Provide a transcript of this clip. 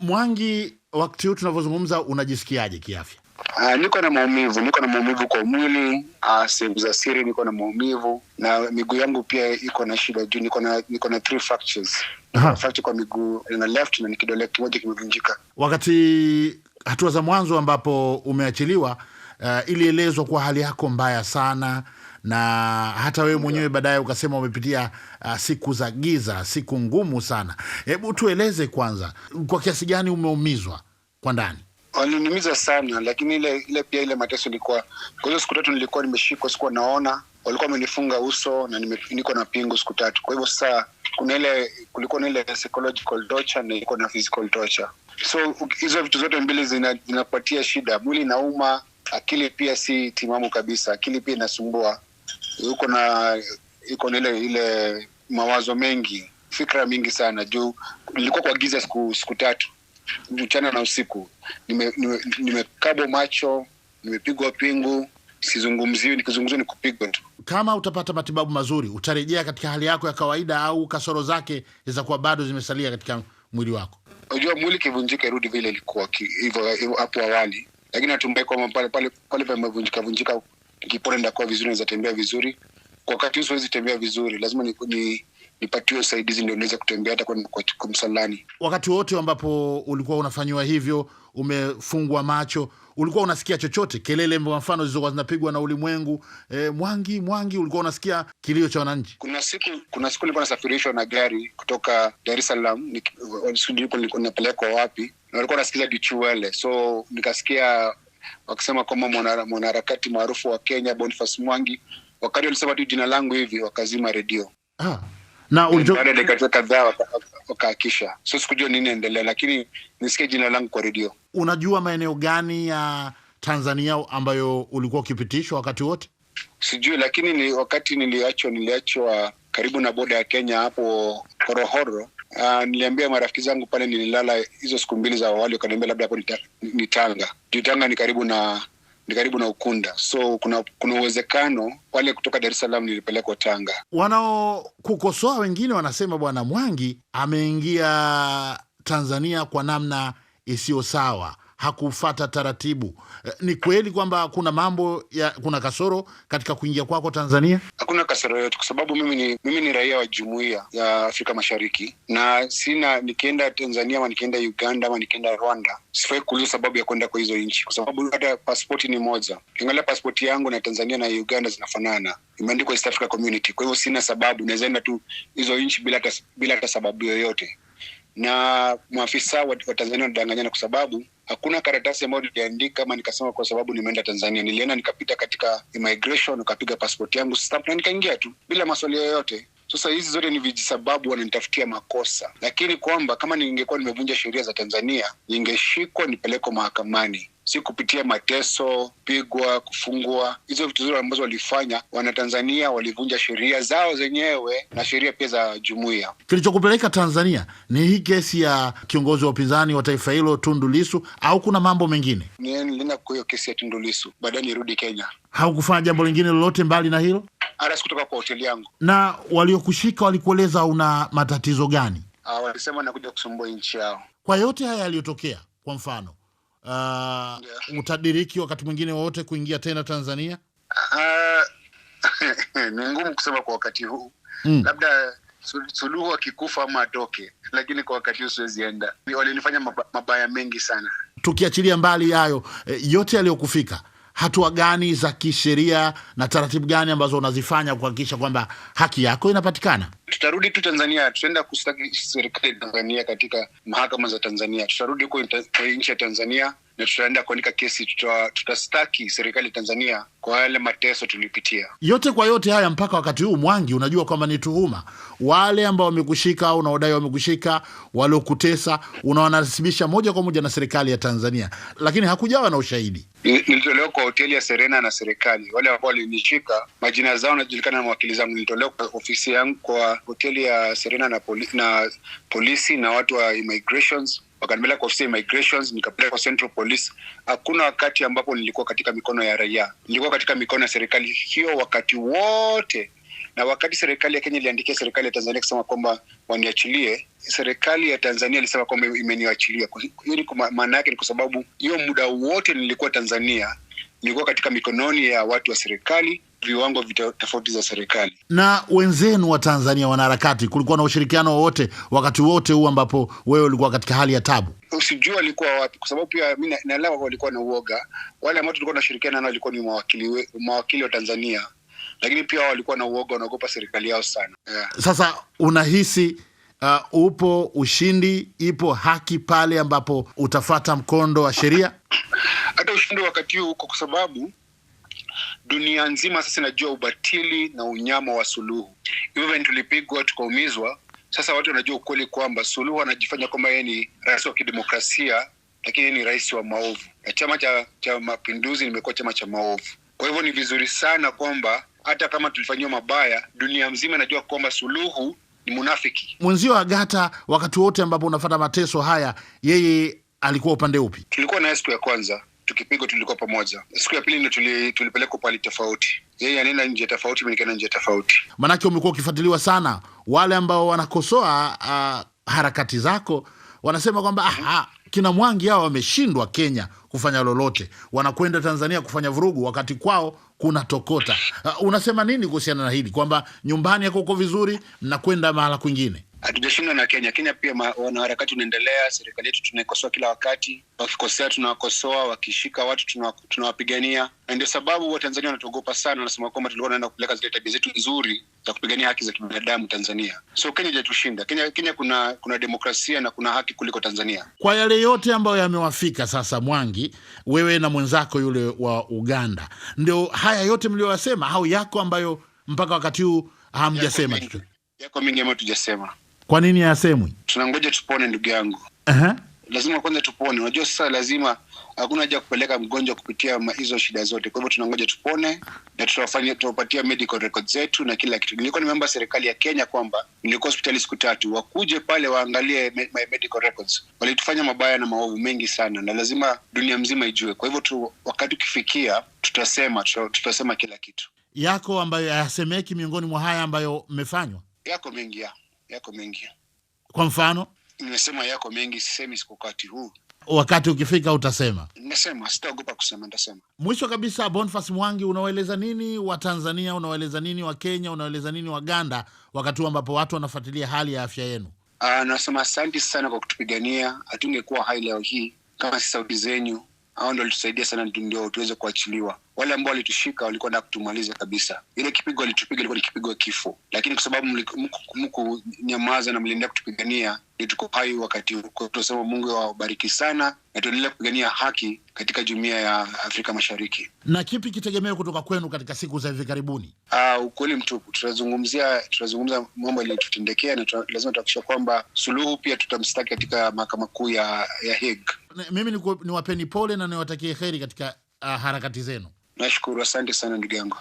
Mwangi, wakati huu tunavyozungumza, unajisikiaje kiafya? Uh, niko na maumivu, niko na maumivu kwa mwili, uh, sehemu za siri niko na maumivu, na miguu yangu pia iko na shida juu niko na niko na three fractures. Fracture kwa miguu na left na kidole kimoja kimevunjika. Wakati hatua za mwanzo ambapo umeachiliwa, uh, ilielezwa kuwa hali yako mbaya sana na hata wewe mwenyewe baadaye ukasema umepitia uh, siku za giza, siku ngumu sana. Hebu tueleze kwanza, kwa kiasi gani umeumizwa kwa ndani? Waliniumiza sana, lakini ile ile pia ile mateso ilikuwa kwa hizo siku tatu nilikuwa nimeshikwa, sikuwa naona, walikuwa wamenifunga uso na niko na pingu siku tatu. Kwa hivyo sasa kuna ile kulikuwa na ile psychological torture na iko na physical torture, so hizo vitu zote mbili zinapatia zina shida, mwili nauma, akili pia si timamu kabisa, akili pia inasumbua yuko na iko na ile ile mawazo mengi fikra mingi sana juu nilikuwa kwa giza siku, siku tatu mchana na usiku nimekabwa nime, nime macho nimepigwa pingu sizungumziwi nikizungumziwa ni kupigwa tu kama utapata matibabu mazuri utarejea katika hali yako ya kawaida au kasoro zake zitakuwa bado zimesalia katika mwili wako unajua mwili kivunjika irudi vile ilikuwa hivyo hapo awali lakini natumbai kwamba pale pale pale pamevunjika vunjika nikipona ndakuwa vizuri naweza vizuri kwa wakati huu siwezi tembea vizuri lazima ni, ni, nipatiwe usaidizi ndio niweze kutembea hata kwa wakati wote ambapo ulikuwa unafanyiwa hivyo umefungwa macho ulikuwa unasikia chochote kelele mfano zilizokuwa zinapigwa na ulimwengu e, mwangi mwangi ulikuwa unasikia kilio cha wananchi kuna siku kuna siku nilikuwa nasafirishwa na gari kutoka dar es salaam napelekwa wapi na walikuwa nasikiza dichuele so nikasikia wakisema kwamba mwanaharakati maarufu wa Kenya Boniface Mwangi, wakati walisema tu jina langu hivi wakazima redio ah. kadhaa wakaakisha, so sikujua nini endelea, lakini nisikie jina langu kwa redio. Unajua maeneo gani ya Tanzania ambayo ulikuwa ukipitishwa wakati wote? Sijui, lakini ni wakati niliachwa niliachwa karibu na boda ya Kenya hapo Horohoro Uh, niliambia marafiki zangu pale nililala hizo siku mbili za awali, wakaniambia labda hapo ni Tanga juu Tanga ni karibu na ni karibu na Ukunda, so kuna kuna uwezekano wale kutoka Dar es Salaam nilipelekwa Tanga. Wanaokukosoa wengine wanasema Bwana Mwangi ameingia Tanzania kwa namna isiyo sawa hakufata taratibu. Eh, ni kweli kwamba kuna mambo ya kuna kasoro katika kuingia kwako Tanzania? Hakuna kasoro yoyote, kwa sababu mimi ni, mimi ni raia wa jumuiya ya Afrika Mashariki na sina, nikienda Tanzania ama nikienda Uganda ama nikienda Rwanda sifai kuuliza sababu ya kwenda kwa hizo nchi, kwa sababu hata paspoti ni moja. Ukiangalia paspoti yangu na Tanzania na Uganda zinafanana, imeandikwa East Africa Community. Kwa hivyo sina sababu, nawezaenda tu hizo nchi bila hata bila sababu yoyote na maafisa wa, wa Tanzania wanadanganyana kwa sababu hakuna karatasi ambayo niliandika ama nikasema kwa sababu nimeenda Tanzania. Nilienda nikapita katika immigration, ukapiga paspoti yangu na nikaingia tu bila maswali yoyote. Sasa hizi zote ni vijisababu wananitafutia makosa, lakini kwamba kama ningekuwa nimevunja sheria za Tanzania ningeshikwa nipelekwa mahakamani si kupitia mateso, pigwa, kufungwa. Hizo vitu zote ambazo walifanya, Wanatanzania walivunja sheria zao zenyewe na sheria pia za jumuiya. Kilichokupeleka Tanzania ni hii kesi ya kiongozi wa upinzani wa taifa hilo Tundu Lisu, au kuna mambo mengine? Nilienda kwa hiyo kesi ya Tundu Lisu, baadaye nirudi Kenya. Haukufanya jambo lingine lolote mbali na hilo? Hata kutoka kwa hoteli yangu. Na waliokushika walikueleza una matatizo gani? Ah, walisema nakuja kusumbua nchi yao. Kwa yote haya yaliyotokea, kwa mfano uh, yeah. Utadiriki wakati mwingine wowote kuingia tena Tanzania? Uh, ni ngumu kusema kwa wakati huu mm. Labda Suluhu akikufa ama atoke, lakini kwa wakati huu siwezi enda. Walinifanya mabaya mengi sana, tukiachilia mbali hayo eh, yote yaliyokufika hatua gani za kisheria na taratibu gani ambazo unazifanya kuhakikisha kwamba haki yako inapatikana? Tutarudi tu Tanzania, tutaenda kustaki serikali ya Tanzania katika mahakama za Tanzania, tutarudi huko nchi ya Tanzania na tutaenda kuandika kesi, tutastaki tuta serikali Tanzania kwa yale mateso tulipitia. Yote kwa yote haya, mpaka wakati huu Mwangi, unajua kwamba ni tuhuma. Wale ambao wamekushika au unaodai wamekushika, waliokutesa, unawanasibisha moja kwa moja na serikali ya Tanzania, lakini hakujawa na ushahidi. Nilitolewa kwa hoteli ya Serena na serikali. Wale ambao walinishika, majina zao najulikana na mawakili zangu. Nilitolewa kwa ofisi yangu kwa hoteli ya Serena na, poli, na polisi na watu wa immigrations wakanipeleka ofisi ya immigrations, nikapeleka Central Police. Hakuna wakati ambapo nilikuwa katika mikono ya raia, nilikuwa katika mikono ya serikali hiyo wakati wote. Na wakati serikali ya Kenya iliandikia serikali ya Tanzania kusema kwamba waniachilie, serikali ya Tanzania ilisema kwamba imeniachilia. Hiyo ni maana yake ni kwa sababu hiyo muda wote nilikuwa Tanzania nilikuwa katika mikononi ya watu wa serikali viwango tofauti za serikali. Na wenzenu wa Tanzania wanaharakati, kulikuwa na ushirikiano wowote wakati wote huu ambapo wewe ulikuwa katika hali ya tabu? Usijua walikuwa wapi, kwa sababu pia mi naelewa walikuwa na uoga. Wale ambao tulikuwa tunashirikiana nao walikuwa ni mawakili, mawakili wa Tanzania, lakini pia walikuwa na uoga, wanaogopa serikali yao sana yeah. Sasa unahisi uh, upo ushindi, ipo haki pale ambapo utafata mkondo wa sheria? Hata ushindi wakati huu uko kwa sababu Dunia nzima sasa inajua ubatili na unyama wa Suluhu. hivyo tulipigwa tukaumizwa, sasa watu wanajua ukweli kwamba Suluhu anajifanya kwamba yeye ni rais wa kidemokrasia, lakini yeye ni rais wa maovu, na Chama cha, cha Mapinduzi nimekuwa chama cha maovu. Kwa hivyo ni vizuri sana kwamba hata kama tulifanyiwa mabaya, dunia mzima inajua kwamba Suluhu ni munafiki. Mwenzio gata wakati wote ambapo unafata mateso haya, yeye alikuwa upande upi? Tulikuwa naye siku ya kwanza tukipigwa tulikuwa pamoja. Siku ya pili ndo tulipelekwa pali tofauti, yeye anaenda nje tofauti, mimi nje tofauti. Maanake umekuwa ukifuatiliwa sana. Wale ambao wanakosoa uh, harakati zako wanasema kwamba mm -hmm. kina Mwangi hao wameshindwa Kenya kufanya lolote, wanakwenda Tanzania kufanya vurugu wakati kwao kuna tokota. Uh, unasema nini kuhusiana na hili kwamba nyumbani yako uko vizuri, mnakwenda mahala kwingine? hatujashindwa na Kenya. Kenya pia wanaharakati unaendelea, serikali yetu tunaikosoa kila wakati, wakikosea tunawakosoa, wakishika watu tunawapigania, na ndio sababu Watanzania wanatuogopa sana, wanasema kwamba tulikuwa naenda kupeleka zile tabia zetu nzuri za kupigania haki za kibinadamu Tanzania. So Kenya ijatushinda. Kenya, Kenya kuna kuna demokrasia na kuna haki kuliko Tanzania. Kwa yale yote ambayo yamewafika sasa, Mwangi, wewe na mwenzako yule wa Uganda, ndio haya yote mlioyasema au yako ambayo mpaka wakati huu hamjasema? Yako mingi ambayo tujasema. Kwa nini hayasemwi? Tunangoja tupone, ndugu yangu. uh -huh. Lazima kwanza tupone. Unajua sasa, lazima hakuna haja kupeleka mgonjwa kupitia hizo shida zote. Kwa hivyo tunangoja tupone na tutawafanyia, tutawapatia medical zetu na kila kitu. Nilikuwa nimeomba serikali ya Kenya kwamba nilikuwa hospitali siku tatu, wakuje pale waangalie my medical records. Walitufanya mabaya na maovu mengi sana, na lazima dunia mzima ijue. Kwa hivyo tu, wakati ukifikia, tutasema tutasema kila kitu. Yako ambayo hayasemeki miongoni mwa haya ambayo mmefanywa, yako mengi ya yako mengi. Kwa mfano, nimesema yako mengi, sisemi siku wakati huu. Wakati ukifika utasema. Nimesema sitaogopa kusema, ntasema. Mwisho kabisa, Boniface Mwangi, unawaeleza nini wa Tanzania, unawaeleza nini wa Kenya, unawaeleza nini Waganda wakati huu ambapo watu wanafuatilia hali ya afya yenu? Ah, nasema asanti sana kwa kutupigania, hatungekuwa hai leo hii kama si sauti zenyu hao ndo walitusaidia sana ndio tuweze kuachiliwa wale ambao walitushika walikuwa na kutumaliza kabisa ile kipigo walitupiga ilikuwa ni kipigo ya kifo lakini kwa sababu mku nyamaza na mliendelea kutupigania ndio tuko hai wakati huko tunasema mungu awabariki sana na tuendelea kupigania haki katika jumuia ya afrika mashariki na kipi kitegemeo kutoka kwenu katika siku za hivi karibuni ah, ukweli mtupu tutazungumzia tutazungumza mambo yaliyotutendekea na lazima tuakisha kwamba suluhu pia tutamstaki katika mahakama kuu ya, ya hague mimi niwapeni pole na niwatakie heri katika uh, harakati zenu. Nashukuru, asante sana ndugu yangu.